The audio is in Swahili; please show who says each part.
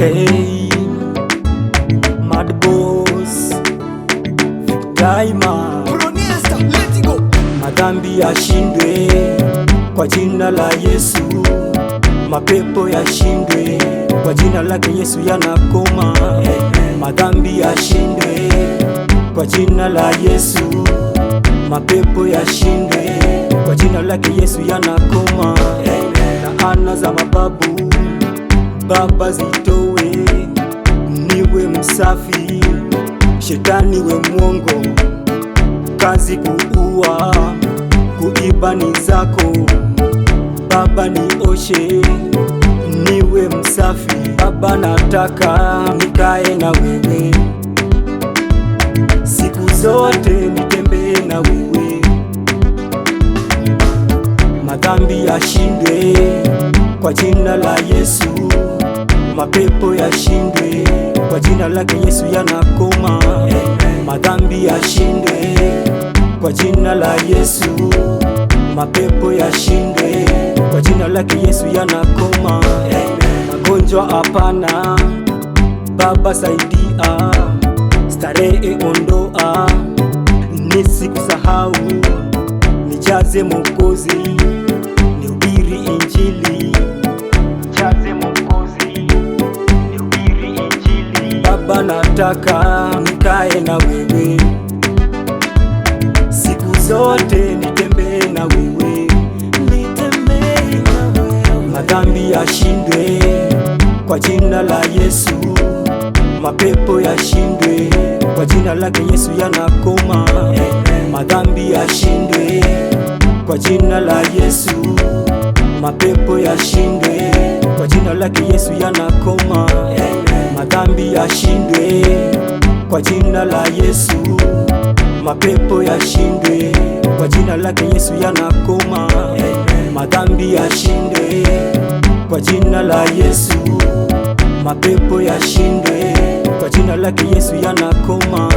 Speaker 1: Hey, Mad Boss, Daima, madhambi yashindwe kwa jina la Yesu, mapepo yashindwe kwa jina lake Yesu yanakoma. madambi madhambi kwa jina la Yesu, mapepo yashindwe kwa jina lake Yesu yanakoma. na laana za mababu baba zito iwe msafi, shetani we mwongo, kazi kuua, kuiba ni zako. Baba nioshe, niwe msafi. Baba nataka nikae na wewe siku zote, nitembee na wewe, madhambi yashindwe kwa jina la Yesu, mapepo yashindwe lake Yesu yanakoma, eh, madhambi yashinde kwa jina la Yesu, mapepo yashinde kwa jina lake Yesu yanakoma, eh, magonjwa hapana. Baba saidia, starehe ondoa, nisikusahau, nijaze Mwokozi Baba, nataka nikae na wewe siku zote, nitembee na wewe, madhambi yashindwe kwa jina la Yesu, mapepo yashindwe kwa jina lake Yesu, yanakoma madhambi yashindwe kwa jina la Yesu, mapepo yashindwe kwa jina lake Yesu, yanakoma. kwa jina la Yesu, mapepo yashindwe kwa jina lake Yesu, yanakoma madhambi yashindwe kwa jina la Yesu, mapepo yashindwe kwa jina lake Yesu, yanakoma